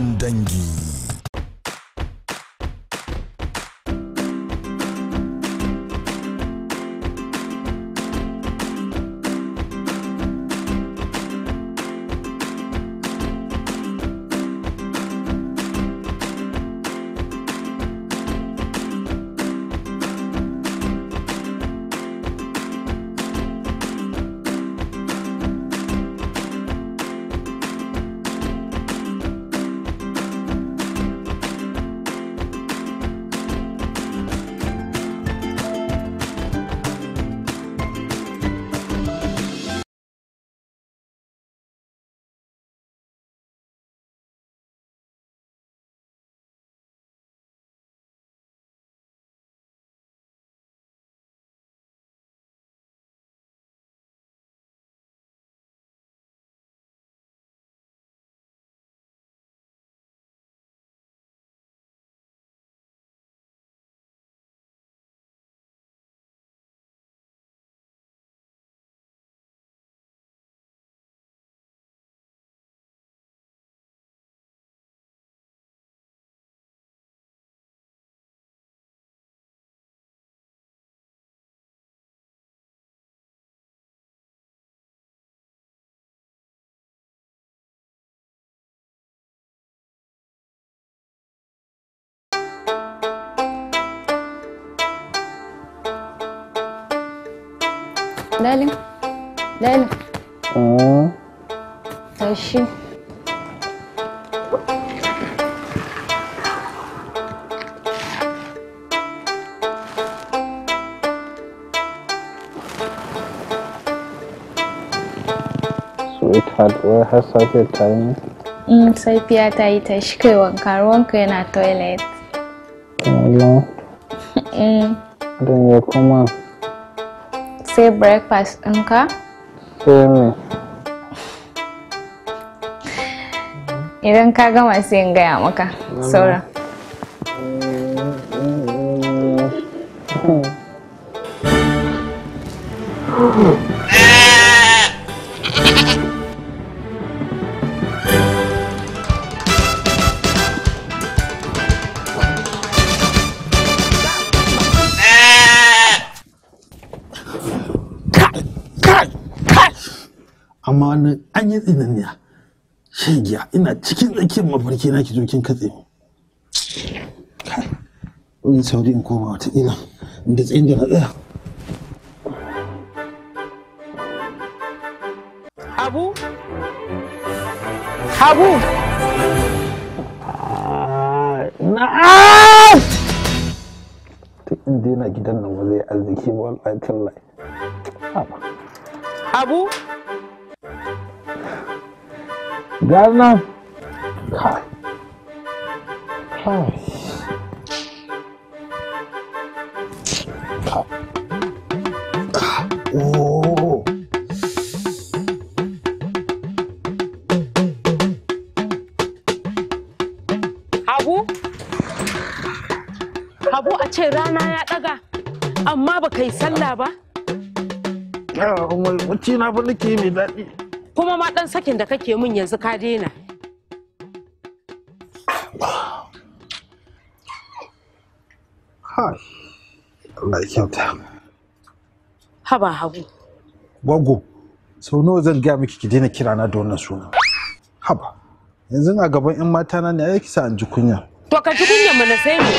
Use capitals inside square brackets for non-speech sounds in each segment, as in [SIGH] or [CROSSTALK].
Mandangi. Dalin. Dalin. Mm. Tashi. Sweetheart, wai har safiya ta yi ne? Safiya ta yi ta shi kai wanka, ruwanka yana toilet. Allah. Don ya kuma. sai breakfast ɗinka? sai me idan ka gama sai in gaya maka sauran ina cikin tsakiyar mafarki na ki zo kin katse ni in sauri in koma wata ina da tsayin da na tsaya abu abu ta inda yana gidan nan ba zai arziki ba abu abu Gano nan. Kai. Kai. Oh. rana ya ɗaga, amma ba kai sallah ba? Yawa, wacce na fi nake mai daɗi. kuma ma dan sakin da kake min yanzu ka daina haba hagu wago sau nawa zan gaya miki ki daina kira na da wannan suna haba yanzu na gaban 'yan mata na ne ai sa an ji kunya to ka ji kunya mana sai mu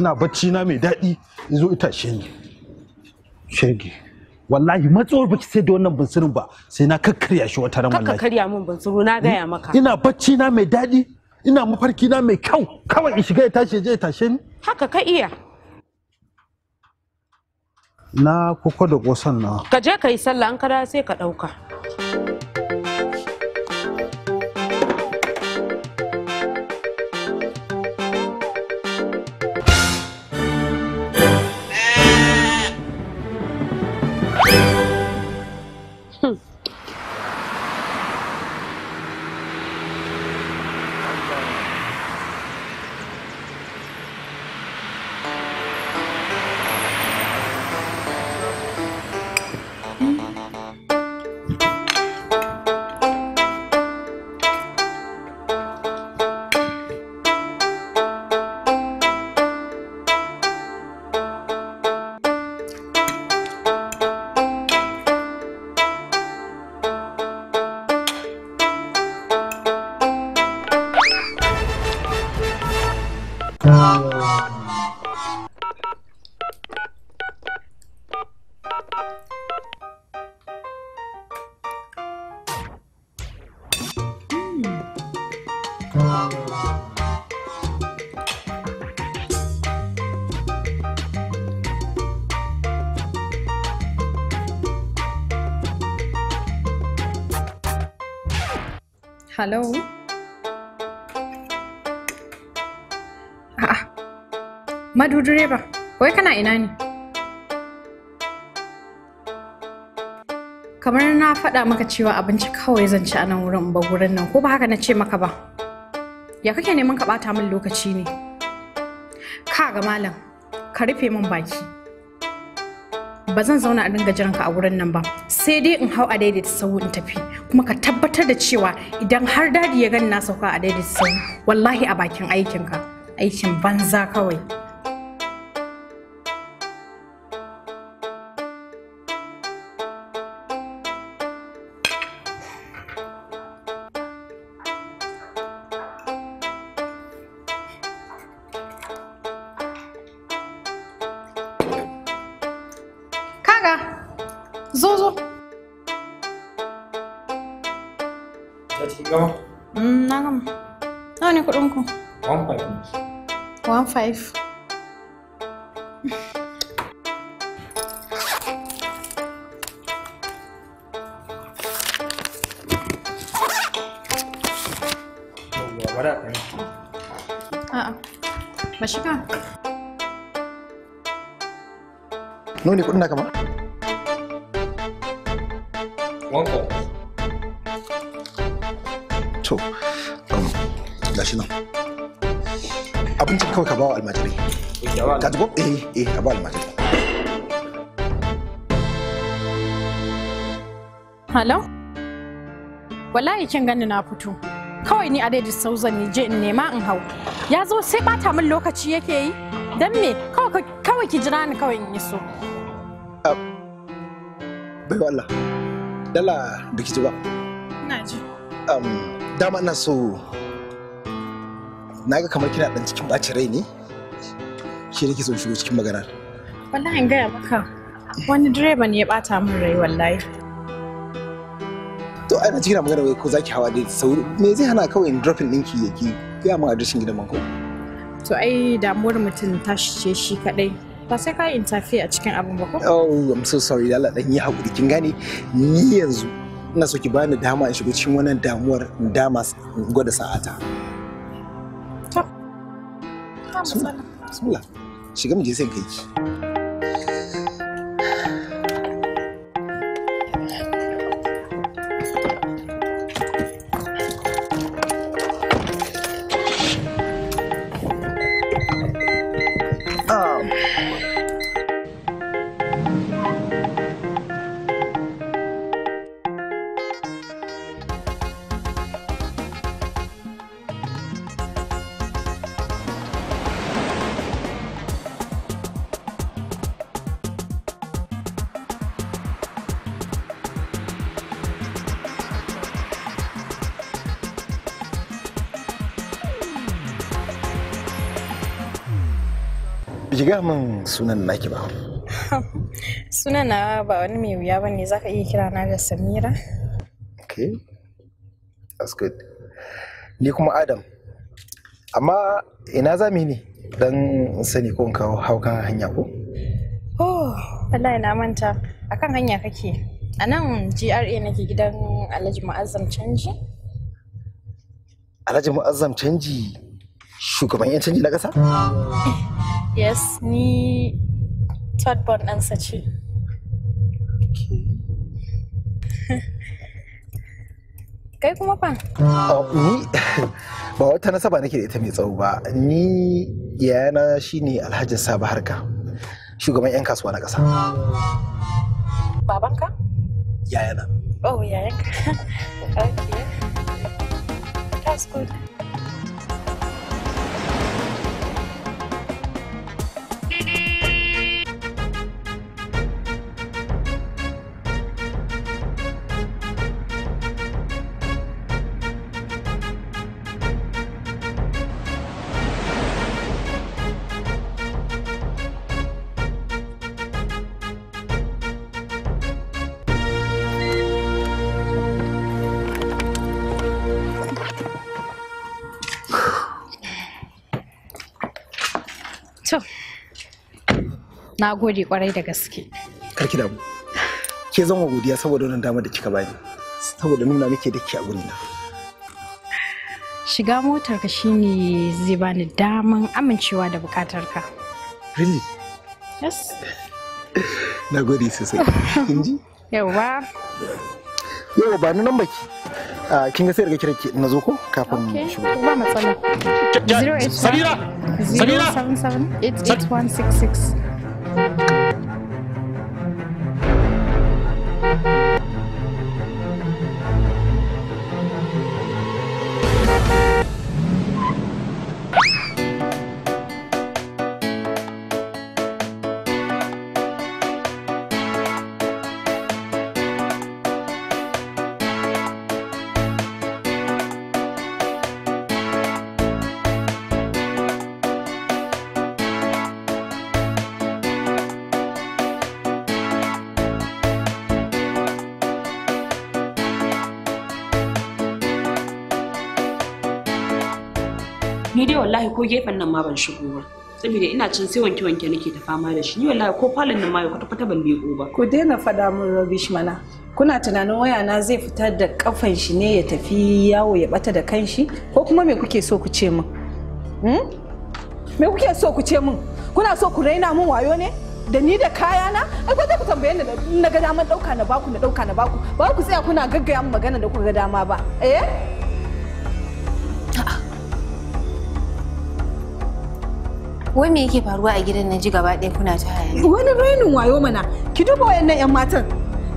ina bacci na mai daɗi in zo ita ni shege wallahi matsowar baki sai da wannan bunsurin ba sai na kakkarya shi wata ran wallahi kakkarya min bunsuru na gaya maka ina bacci na mai daɗi ina mafarki na mai kyau kawai in shiga ya tashi je ya tashe ni haka ka iya na kuka da kosan na ka je ka yi sallah an kada sai ka ɗauka. Hello? A'a. Madu ba, wai kana ina ne? Kamar na faɗa maka cewa abinci kawai zan ci a nan wurin ba wurin nan, ko ba haka na ce maka ba? Ya kake neman ka ɓata min lokaci ne? Ka ga malam, ka rufe min baki. ba zan zauna a dinga jiran ka a wurin nan ba sai dai in hau a daidaita sau in tafi kuma ka tabbatar da cewa idan har dadi ya gani na sauka a daidaita sau wallahi a bakin aikinka aikin banza kawai wanko to um, nan kawai ka bawa almajirai ka ji ko eh eh ka bawa almajirai Hello? Wallahi kin gani na fito. Kawai ni a daidai sauza ne je in nema in hau. Ya zo sai bata min lokaci yake yi. Dan me? Kawai ki jira ni kawai in yi so. Bai Allah. dala biki ji ba ina ji um, dama ina so naga kamar kina dan cikin bacin rai ne shi nake so shigo cikin maganar wallahi in gaya maka wani direba ne ya bata min rai wallahi to ai na cikin maganar wai ko zaki hawa dai sauri me zai hana kawai in dropping ɗinki yake gaya mu adireshin gidan man ko to ai damuwar mutum tashi ce shi kadai ba sai ka interfere a cikin abin ba ko oh i'm so sorry Allah dan yi hakuri kin gane ni yanzu ina so ki bani dama in shiga cikin wannan damuwar in dama gwada sa'ata Ta. ta matsala bismillah shiga mu je sai kai ki shiga min sunan naki ba [LAUGHS] sunan na ba wani mai wuya ba ne za ka iya kira na da samira okay that's good ni kuma adam amma ina za mu ne don sani ko kawo haukan hanya ko oh Allah na manta akan hanya kake a nan GRA nake gidan Alhaji Mu'azzam canji Alhaji Mu'azzam canji shugaban 'yan canji na ƙasa? [LAUGHS] yes ni third born ɗansa ce [LAUGHS] kai kuma fa oh, ni [LAUGHS] ba wata nasaba nake da ita mai tsawo ba ni yayana shine alhaji saba harka shugaban 'yan kasuwa na ƙasa babanka yayana oh yayanka [LAUGHS] okay that's good na gode kwarai da gaske karki da mu ke zama godiya saboda wannan dama da kika bani saboda nuna nake da ke a gurina shiga motar ka shine zai bani daman amincewa da bukatar ka really yes [LAUGHS] na gode sosai inji [LAUGHS] yawa yawa ba ni nan baki ah, kin ga sai daga kira na zo ko kafin shigo ba matsala Sabira wallahi ko gefen nan ma ban shigo ba saboda ina can sai wanke wanke nake ta fama da shi ni wallahi ko falon nan ma kwata kwata ban leko ba ku daina fada mun rubish mana kuna tunanin waya na zai fita da kafan shi ne ya tafi yawo ya bata da kanshi ko kuma me kuke so ku ce min hmm? me kuke so ku ce min kuna so ku raina min wayo ne da ni da kaya na ai ko ku tambaye ni na ga daman dauka na baku na dauka na baku ba ku tsaya kuna gaggaya min magana da kuka ga dama ba eh Wai me yake faruwa a gidan nan ji gaba ɗaya kuna ta haya? Wani rainin wayo mana, ki duba wayannan 'yan matan.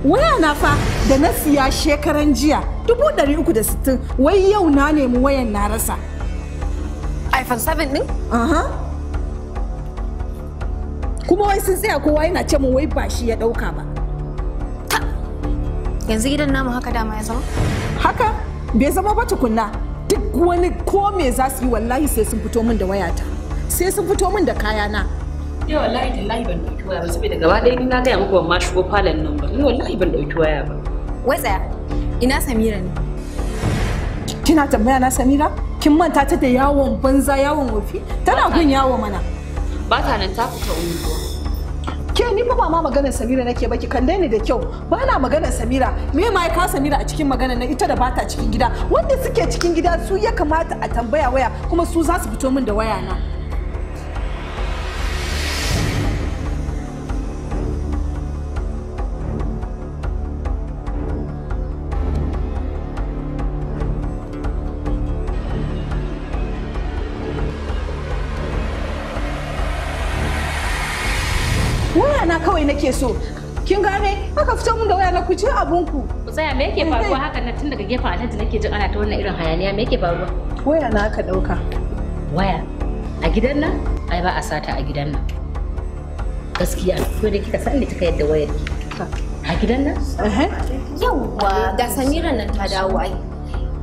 Waya na fa da na siya shekaran jiya dubu ɗari uku da sittin wai yau na nemi wayan na rasa. iPhone 7 ɗin? Aha. Kuma wai sun tsaya kowa yana ce mun wai ba shi ya ɗauka ba. Yanzu gidan namu haka dama ya zama? Haka bai zama ba tukunna duk wani ko me za su yi wallahi sai sun fito min da wayata. sai sun fito min da kayana ya wallahi tallahi ban dauki waya ba saboda gaba ɗaya ni na gaya muku ban ma shigo falon nan ba ni wallahi ban dauki waya ba wai tsaya ina samira ne kina tambaya na samira kin manta ta da yawon banza yawon wofi tana gun yawo mana ba ta nan ta fita unguwa ke ni fa ba ma maganar samira nake ba ki kalle ni da kyau ba na maganar samira me ma ya ka samira a cikin maganar na ita da bata cikin gida wanda suke cikin gida su ya kamata a tambaya waya kuma su za su fito min da waya na waya na kawai nake so kin gane aka fito mun da waya na ku ci abun ku ku tsaya me yake faruwa haka na tun daga gefen alhaji nake jin ana ta wannan irin hayaniya me yake faruwa waya na aka dauka waya a gidan nan ai ba a sata a gidan nan gaskiya ko da kika san ne kika yadda wayar ki a gidan nan yawwa ga samira nan ta dawo ai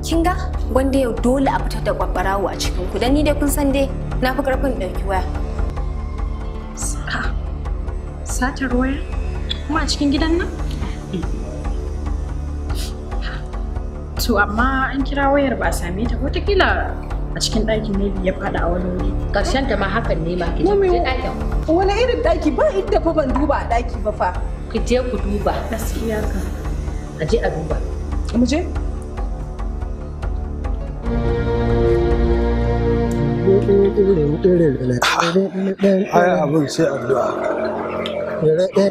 kin ga wanda yau dole a fitar da kwabbarawo a cikin ku dan ni dai kun san dai na fi karfin dauki waya satar waya kuma a cikin gidan nan eh. to amma an kira wayar ba a same ta watakila a cikin ɗakin ne ya faɗa a wani wuri ƙarshen ta ma hakan ne ma ki je ɗakin wani irin ɗaki ba inda fa ban duba a ɗaki ba fa ki je ku duba gaskiya ka a je a duba mu je Ai abin sai addu'a. ake cikin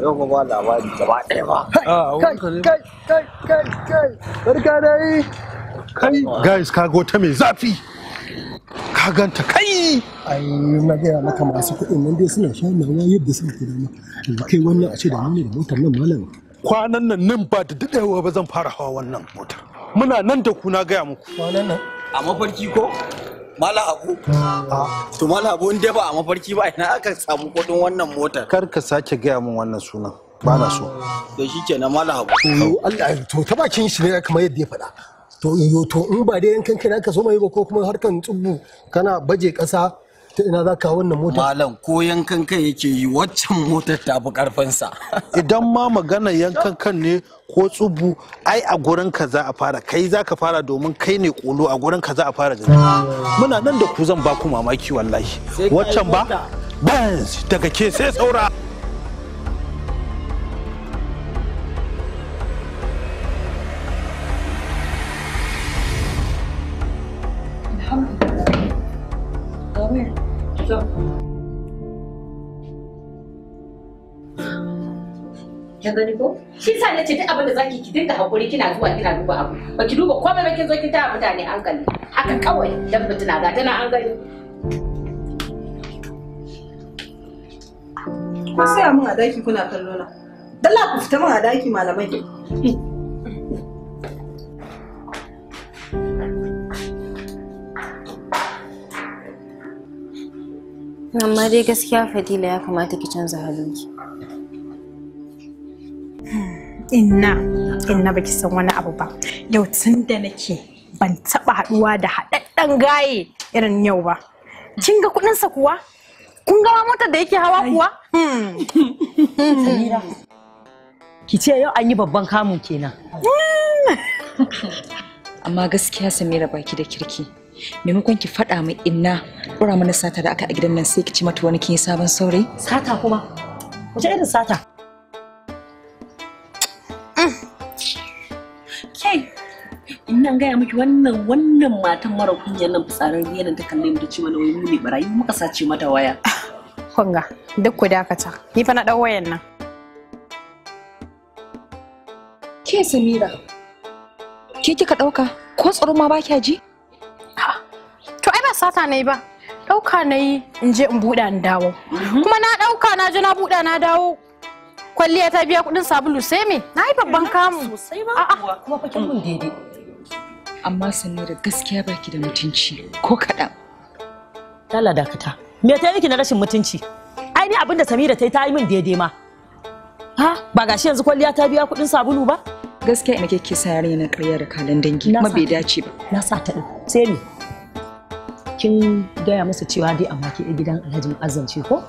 yau ba ba. Kai, kai, kai, kai, kai, yi. Kai, ta mai zafi. Ka ganta kai. Ayi, na gaya maka masu kuɗin nan dai suna sha nawa yadda suka kira maka. Kai wannan a ce da motar nan malam. Kwanan nan nan ba da daɗewa ba zan fara hawa wannan motar. muna nan da ku na gaya muku a mafarki ko mala abu to mala abu in dai ba a mafarki ba ina aka samu kudin wannan motar kar ka sake gaya min wannan sunan ba na so to shikenan mala abu to Allah to ta bakin shi ne kamar yadda ya faɗa to yo to in ba dai yankan kai ka so mai ba ko kuma harkan tsubbu kana baje ƙasa ta ina za ka wannan mota malam ko yankan kan yake yi waccan motar ta fi karfinsa idan ma magana yankan kan ne ko tsubu ai a gurin ka za a fara kai za ka fara domin kai ne kolo a gurin ka za a fara gani muna nan da ku zan ba ku mamaki wallahi waccan ba banz daga ke sai saura Ka gani ko? Shi sa na ce duk abin da zaki ki dinga hakuri kina zuwa kina duba abu. Ba ki duba komai ba kin zo kin taya mutane hankali. Haka kawai dan mutuna ga tana an gani. Ko sai mun a daki kuna kallo na. Dalla ku fita mun a daki malamai. amma dai gaskiya fadila ya kamata ki canza halinki inna inna baki san wani abu ba yau tun da nake ban taba haduwa da haɗaɗɗen gaye irin yau ba kin ga sa kuwa kun ga motar da yake hawa kuwa ki ce yau an yi babban kamun kenan hmm. amma gaskiya samira baki da kirki maimakon ki faɗa mai inna ɗora mana sata da aka a gidan nan sai ki ci mata wani kin sabon saurayi sata kuma wace irin sata wannan gaya miki wannan wannan matan mara kunya nan fitsarin yana ta kalle mu ta ce mana wai mu ne barayi muka sace mata waya [LAUGHS] kunga duk ku dakata ni fa na dau wayan nan ke samira ke kika dauka ko tsaro ma ba kya ji to ai ba sata ne ba dauka na yi in je in buɗa in dawo mhm. kuma na dauka na je na buɗa na dawo kwalliya ta biya kudin sabulu sai me na yi babban kamu sosai ba kuma fa kin daidai amma da gaskiya baki da mutunci ko kaɗan. Yalla dakata. Me ta yake na rashin mutunci? Ai ni abinda Samira ta yi ta yi min daidai ma. Ha ba gashi yanzu kwalliya ta biya kuɗin sabulu ba? Gaskiya ina kike sa yarinya na ƙarya da kalan dangi kuma bai dace ba. Na sa ta ɗin. Sai me? Kin gaya musu cewa dai amma ke gidan Alhaji Azance ko?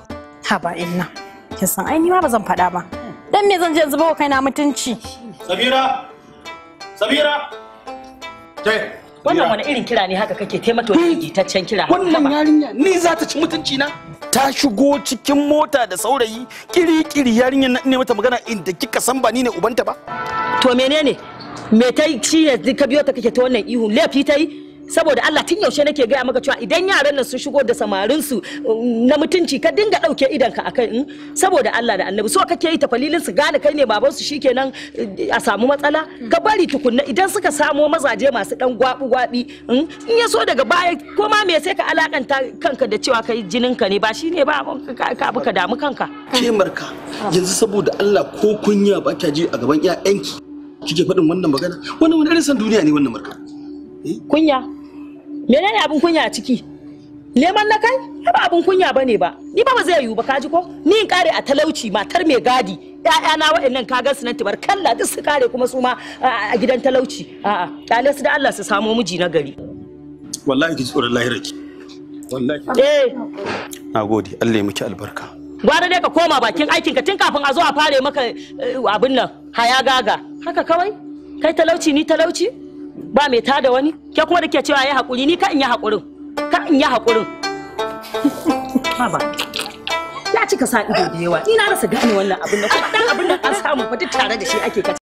Ha ba inna. Kin san ai ni ma ba zan faɗa ba. Dan me zan je zuba wa kaina mutunci? Sabira! Sabira! wannan wani irin kira ne haka kake taimato wani hmm. gitaccen kira wannan yarinya ni za ta ci mutunci na ta shigo cikin mota da saurayi kiri-kiri yarinyar na ne mata magana inda kika san ba ni ne ubanta ba to menene me ta ci yanzu ka biyo ta kake ta wannan ihu laifi ta yi saboda Allah tun yaushe nake gaya maka cewa idan yaran nan sun shigo da samarin su mm, na mutunci ka dinga dauke idanka akai in mm. saboda Allah da Annabi so kake yi tafalilin su gane kai ne baban su shikenan mm, a samu matsala ka bari tukunna idan suka samo mazaje masu dan gwabu gwabi in ya so daga baya ko ma me sai ka alakanta kanka da cewa kai jininka ne ba shine ba ka abu ka damu kanka ke marka yanzu saboda Allah ko kunya ba ka ji a gaban ƴaƴanki kike faɗin wannan magana wannan wani irin san duniya ne wannan marka eh? kunya menene abin kunya a ciki neman na kai ba abin kunya bane ba ni ba ba zai yiwu ba ji ko ni in kare a talauci matar mai gadi na waɗannan ka su nan tibar kalla duk su kare kuma su ma a gidan talauci a'a dale su da Allah su samo miji na gari wallahi ki tsoron lahirarki wallahi eh nagode Allah ya miki albarka Gwara dai ka koma bakin aikin ka tun kafin a zo a fare maka eh, abin nan haya gaga haka kawai kai talauci ni talauci ba mai tada wani ke kuma da ke cewa ya haƙuri ni ka in yi haƙurin ka in yi haƙurin [LAUGHS] haba ya cika sa ido da yawa ina rasa gane wannan abin da kuma dan abin da an samu fa duk tare da shi ake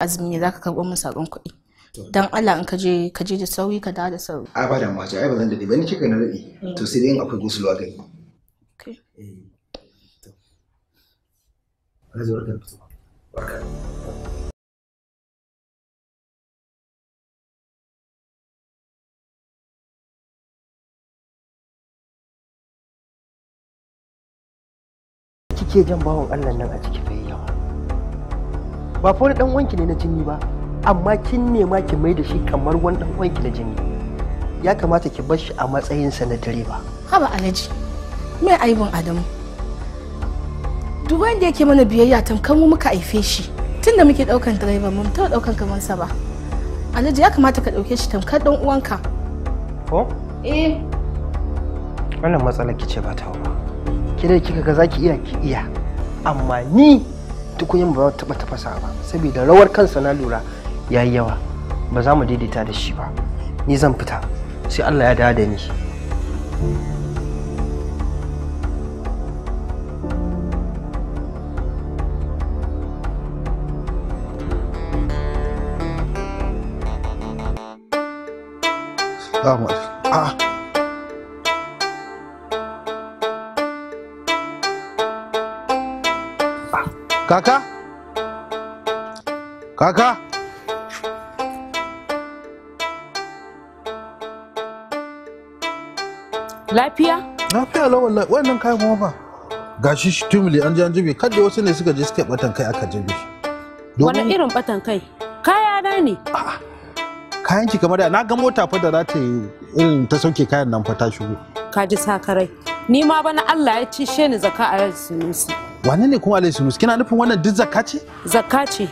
azumi za ka karɓo min sakon kuɗi don Allah in kaje kaje da sauri ka dawo da sauri a ba da mace ai ba zan dade ba ni kika na dade mm. to sai dai in akwai gusulu a gari eh, kike jan bawan Allah nan a ciki bai yawa ba fa wani dan wanki ne na jini ba amma kin nema ki mai da shi kamar wani dan wanki na jini ya kamata ki bar shi a matsayinsa na direba haba alhaji me aibun adamu duk wanda yake mana biyayya tamkar mu muka haife shi tunda muke daukan driver mun ta daukan kamar sa ba alhaji ya kamata ka dauke shi tamkar dan uwanka ko eh wannan matsalar ki ce ba ta ba ki kika ga zaki iya ki iya amma ni tukunyan ba taɓa tafasa ba saboda rawar kansa na lura ya yi yawa ba za mu daidaita da shi ba ni zan fita sai allah ya dawo da ni Ah. Kaka? Kaka? Lafiya? Lafiya la wallahi wannan kayan kuma ba. Ga shi tumuli an je an jibe kadda wasu ne suka je suka batan kai aka jibe shi. Wani irin batan kai? Kaya na ne. A'a. Kayan ki kamar da na ga mota fa da za ta yi irin ta sauke kayan nan fa ta shigo. Ka ji sakarai. Ni ma bana Allah ya ci she ni zaka a yansu. wane ne kuma alayhi sunus kina nufin wannan duk zakka ce zakka ce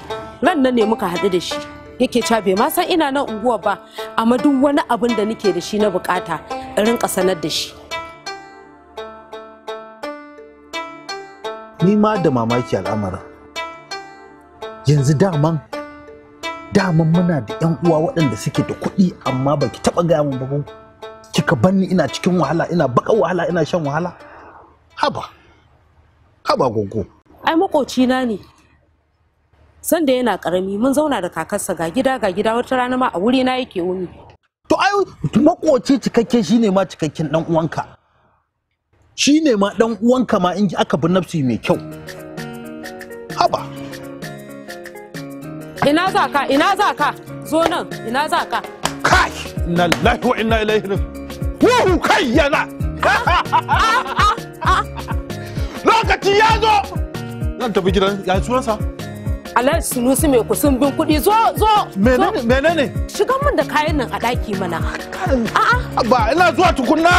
ran nan ne muka haɗu da shi yake cewa bai ma san ina nan unguwa ba amma duk wani abin da nake da shi na bukata in rinka sanar da shi ni ma da mamaki al'amarin yanzu daman daman muna da yan uwa waɗanda suke da kuɗi amma baki taɓa gaya min ba kika banni ina cikin wahala ina baka wahala ina shan wahala haba haba gogo ai makoci na ne sanda yana karami mun zauna da kakarsa ga gida ga gida wata rana ma a wuri na yake wuni to ai makoci cikakke shine ma cikakken dan uwanka shine ma dan uwanka ma in aka bi nafsi mai kyau haba ina za ka ina za ka zo nan ina za ka kai inna lillahi wa inna ilaihi raji'un kai yana ah, ah, ah, lokaci ya zo zan tafi gidan ya sunansa Alhaji Sunusi mai kusan bin kuɗi zo zo menene menene shigan min da kayan nan a ɗaki mana a'a ba ina zuwa tukunna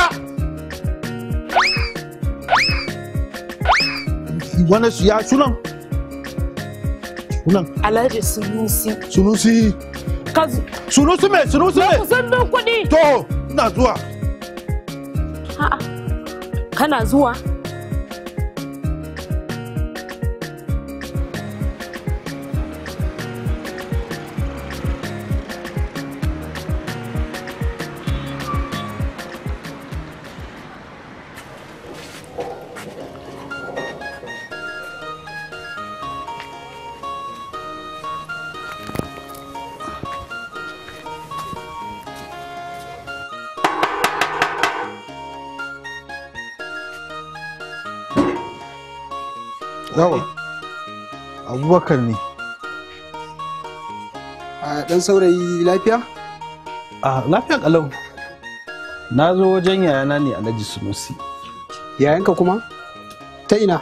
wani ya sunan sunan Alhaji Sunusi Sunusi Sunusi mai Sunusi mai kusan bin kuɗi to ina zuwa a'a kana zuwa Zawa abubakar ne a dan saurayi lafiya a lafiya kalau na zo wajen yayana ne alhaji sunusi yayanka kuma ta ina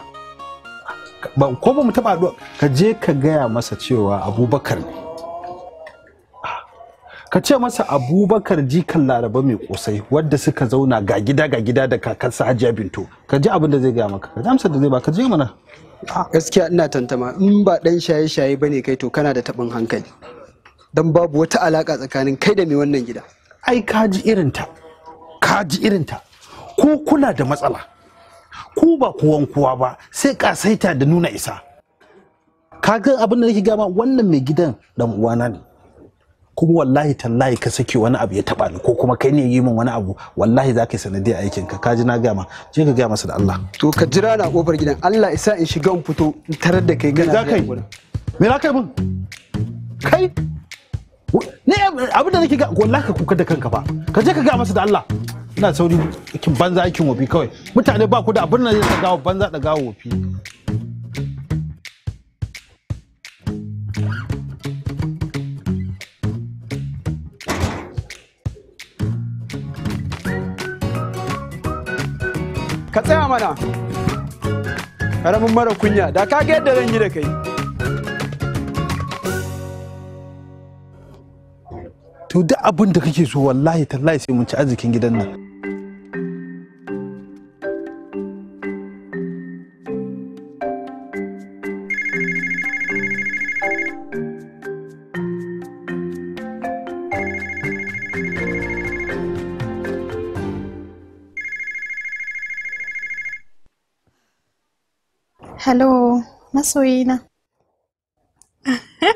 ba ko ba mu taba addu'a ka je ka gaya masa cewa abubakar ne ka ce masa abubakar jikan laraba mai kosai wadda suka zauna ga gida ga gida da kakansa hajiya binto ka ji abin da zai gaya maka ka ji amsar da zai ba ka je mana gaskiya ina tantama in ba dan shaye-shaye bane kai to kana da tabin hankali dan babu wata alaka tsakanin kai da mai wannan gida ai ka ji irinta ka ji irinta ko kuna da matsala ku ba kuwan kuwa ba sai kasaita da nuna isa ka ga abin da nake gama wannan mai gidan dan uwana ne kuma wallahi tallahi ka saki wani abu ya taba ni ko kuma kai ne yi min wani abu wallahi za ka yi sanadiyar aikin ka kaji na gama je ka gaya masa da Allah to ka jira na kofar gidan Allah isa in shiga in fito in tarar da kai gana da kai me za ka yi min kai ne abin da nake ga wallahi ka kuka da kanka ba ka je ka gaya masa da Allah ina sauri banza aikin wofi kawai mutane ba ku da abin da zai ga banza da gawo wofi ka tsaya mana ƙaramin mara kunya da ka ga yadda zan yi da kai to duk abin da kake so wallahi tallahi sai mun ci arzikin gidan nan Hello, masoyina.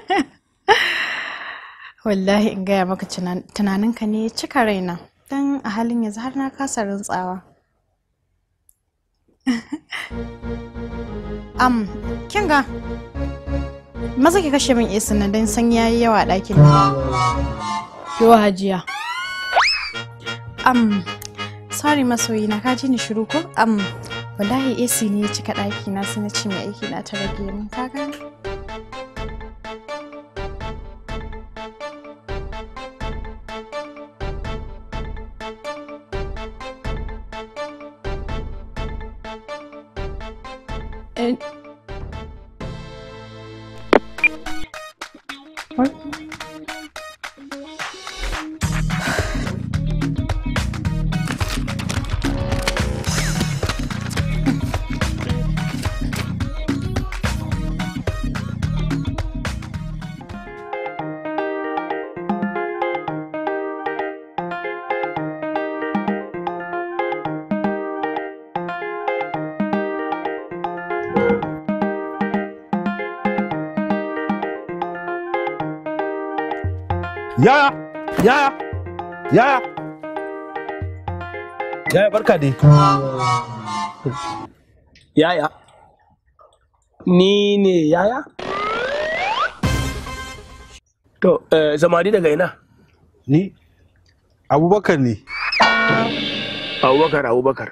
[LAUGHS] Wallahi in gaya maka tunaninka ne cika raina, don a halin yanzu har na kasa rantsawa. [LAUGHS] Am, ga. maza ki kashe min isa na don san yayi yawa ɗakin nan. Yawa hajiya. Am, sorry masoyina, ka ji ni shiru ko? Am, wallahi AC ne ya cika ɗaki na sai ce mai aiki na ta rage min ka Yaya, yaya, yaya. Yaya barka dai. Yaya. Ni ne yaya? To, eh, zamani daga ina? Ni? Abubakar ne. Abubakar, Abubakar.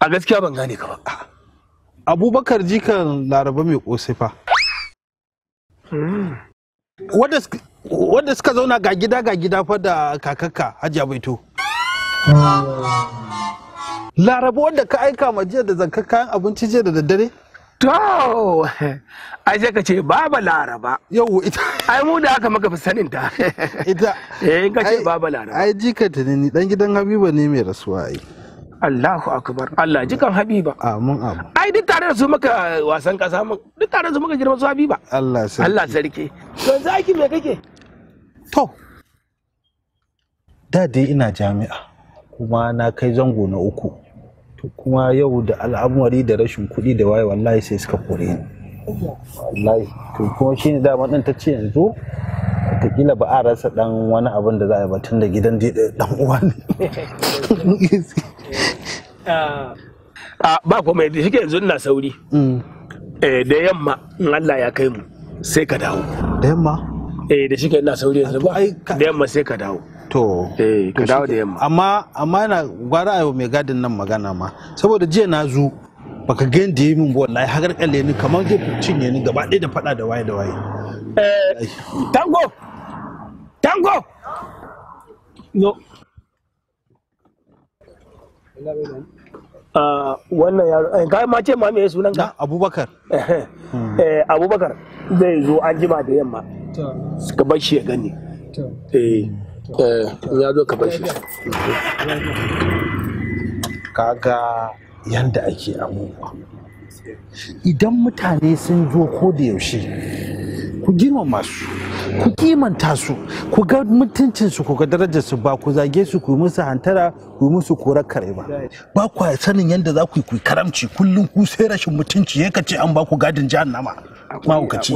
A gaskiya ban gane ka ba. Abubakar jikan laraba mai ƙosai fa. Hmm. What wanda suka zauna ga gida ga gida fa da kakakka hajiya baito laraba wanda ka aika ma jiya da zanka kayan abinci jiya da daddare to ai sai ka ce baba laraba yau ita ai mu da aka maka fi sanin ta ita eh ka ce baba laraba ai jika ta dan gidan habiba ne mai rasuwa ai Allahu akbar Allah jikan Habiba amin amin ai duk tare da su maka eh, wasan kasa mun duk tare da su maka girma su Habiba Allah sarki Allah sarki to aiki me kake to da dai ina jami'a kuma na kai zango na uku to kuma yau da al'amari da rashin kuɗi da waye wallahi sai suka kore ni wallahi to kuma shine dama din ta ce yanzu wataƙila ba a rasa dan wani abin da za a yi ba tun da gidan dan uwa ne [LAUGHS] ba komai da shike yanzu ina sauri mm. eh, da yamma in Allah ya kai mu sai ka dawo da yamma eh da shike ina sauri yanzu ba da yamma sai ka dawo to eh ka dawo da yamma amma amma yana gwara ayo mai gadin nan magana ma saboda jiya na zu baka ga da yi min wallahi har kalle ni kamar zai cinye ni gaba ɗaya da fada da waye da waye eh tango tango no Eh, wannan yaro eh, ka ma ce ma me sunan ka abubakar eh, abubakar zai zo an jima da yamma ka bar shi ya gani eh ya zo ka bar shi kaga yanda ake abubuwa idan mutane sun zo ko da yaushe ku girmama su ku kimanta su ku ga mutuncinsu, ku ga darajar su ba ku zage su ku yi musu hantara ku yi musu korar kare ba ba ku sanin yadda za ku yi karamci kullum ku sai rashin mutunci ya kace an ba ku gadin jahannama mahaukaci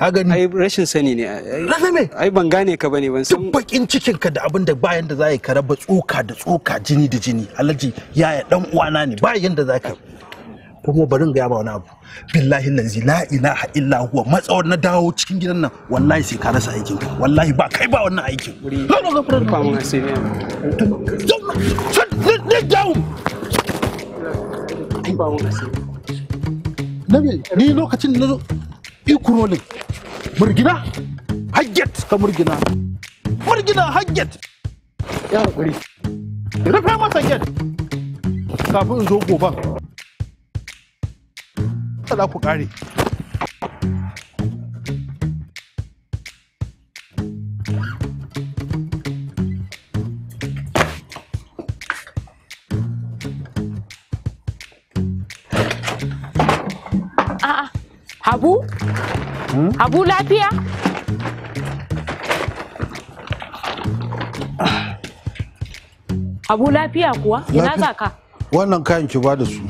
hagani ai rashin sani ne rasa ai ban gane ka bane ban san cikinka bakin cikin ka da abin da ba yanda za ka raba tsoka da tsoka jini da jini alhaji yaya dan uwana ne ba yanda za ka kuma barin gaya ba wani abu billahi zi la ilaha illa huwa matsawar na dawo cikin gidan nan wallahi sai ka rasa aikin wallahi ba kai ba wannan aikin ni lokacin da na ikurolin murgina hajjat ka murgina murgina hajjat ya hakuri rufe masa get kafin in zo goban ta ku kare Habu? Hmm? Habu lafiya? Habu lafiya kuwa? Ina za ka? Wannan kayan ki ba da su.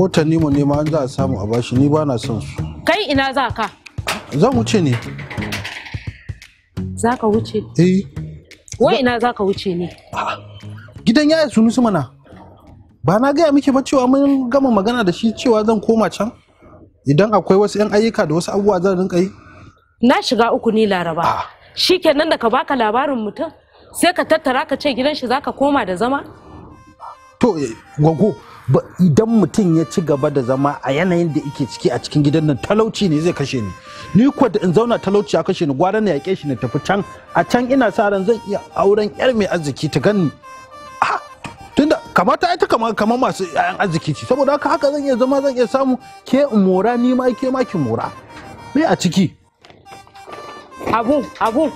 rahotanni mu nema an za a samu a bashi ni ba na son su kai ina za ka zan wuce ne za ka wuce eh wai ina za ka wuce ne ah. gidan yaya sunu su mana ba na gaya miki ba cewa mun gama magana da shi cewa zan koma can idan akwai wasu 'yan ayyuka da wasu abubuwa zan rinka yi na shiga uku ni laraba ah. shikenan da ka baka labarin mutum sai ka tattara ka ce gidan shi zaka koma da zama to gwago idan mutum ya ci gaba da zama a yanayin da yake ciki a cikin gidan nan talauci ne zai kashe ni ni kuwa da in zauna talauci ya kashe ni gwara na yaƙe shi na tafi can a can ina sa ran zan iya auren yar mai arziki ta gani tunda kamata ai ta kama kamar masu 'ya'yan arziki ce saboda haka haka zan iya zama zan iya samu ke mora ni ma ke ma ki mora me a ciki abu abu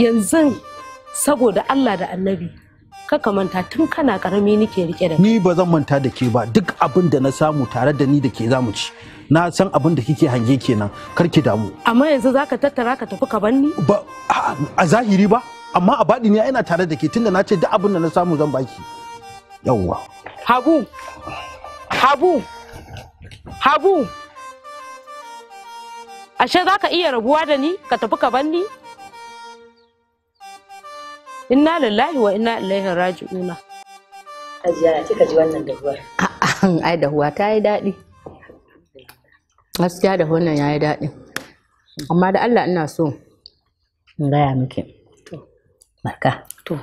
yanzu saboda Allah da annabi kaka manta tun kana karami nike rike da ni ba zan manta da ke ba duk abin da na samu tare da ni da ke zamu ci na san abin da kike hange kenan kar ki damu amma yanzu zaka tattara ka tafi ka banni ba a zahiri ba amma a baɗi ne ina tare da ke tunda na ce duk abin da na samu zan baki yawwa habu habu habu ashe zaka iya rabuwa da ni ka tafi ka banni inna lillahi wa inna ilaihi raji'una Hajiya ka ji wannan dahuwar dahuwa ta yi daɗi gaskiya da wannan ya yi daɗi amma da Allah ina so in gaya miki marka to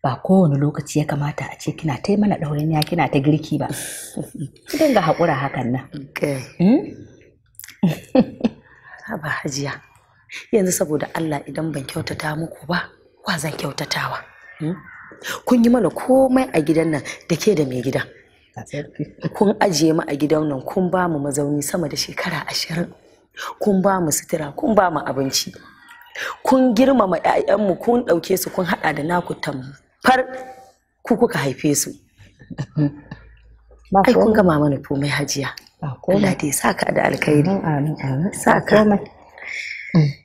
ba kowane lokaci ya kamata a ce kina ta mana ɗaurin ya kina ta girki ba ki dinga haƙura hakan nan hmm? [LAUGHS] ba hajiya yanzu saboda Allah idan ban kyautata muku ba wa zan kyautatawa hmm? kun yi mana komai a gidan nan da ke da mai gida [LAUGHS] kun ajiye mu a gidan nan kun ba mu mazauni sama da shekara ashirin kun ba mu sutura kun ba mu abinci kun girmama 'ya'yanmu kun ɗauke su kun haɗa da naku tamfar ku kuka haife su [LAUGHS] ai kun gama mana komai hajiya Allah dai saka da alkhairi saka hmm.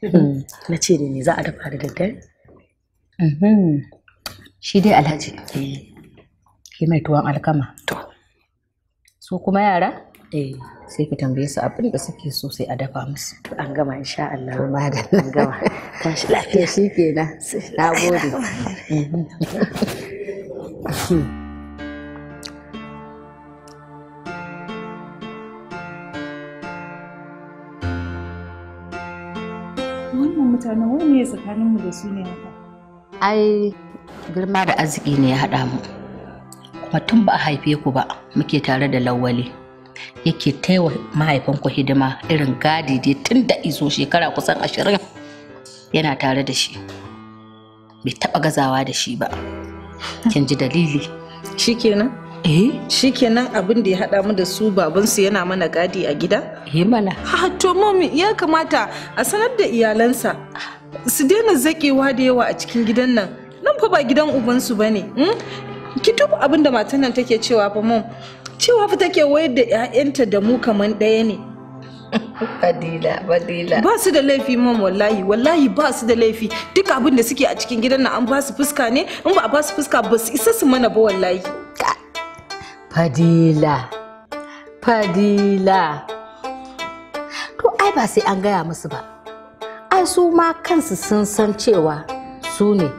Hmm. na ce da ne za a dafa da daddare Mhm. Shi dai Alhaji. Ki eh, mai tuwon alkama. To. Su kuma yara? Eh. Sai ki tambaye su abin da suke so sai a dafa musu. an gama insha Allah. ma da an gama. Tashi lafiya. Shi kenan. Na gode. Mhm. [LAUGHS] Wannan mutanen wani ne tsakaninmu da su ne haka ai girma da arziki ne ya haɗa mu kuma tun ba a haife ku ba muke tare da lawali yake taiwa mahaifanku hidima irin gadi dai tun da izo shekara kusan ashirin yana tare da shi bai taɓa gazawa da shi ba kin ji dalili shikenan eh shikenan abin da ya haɗa mu da su babansu yana mana gadi a gida eh mana ha to mami ya kamata a sanar da iyalansa su daina zakewa da yawa a cikin gidan nan nan fa ba gidan ubansu ba ne hmm? ki duba abin da matan nan take cewa fa mun cewa fa take wayar da 'ya'yanta da mu kaman ɗaya ne Fadila, [LAUGHS] Fadila. Ba su da laifi man wallahi, wallahi ba su da laifi. Duk abin da suke a cikin gidan nan an ba su fuska ne, in ba a ba su fuska ba su isa su mana ba wallahi. Fadila, Fadila. To ai ba sai an gaya musu ba. ai su ma kansu sun san cewa su ne [LAUGHS]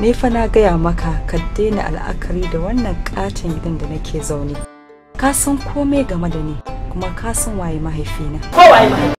ne fa na gaya maka ka daina al'akari da wannan katin gidan da nake zaune ka san komai game da ni kuma ka san waye mahaifina ko waye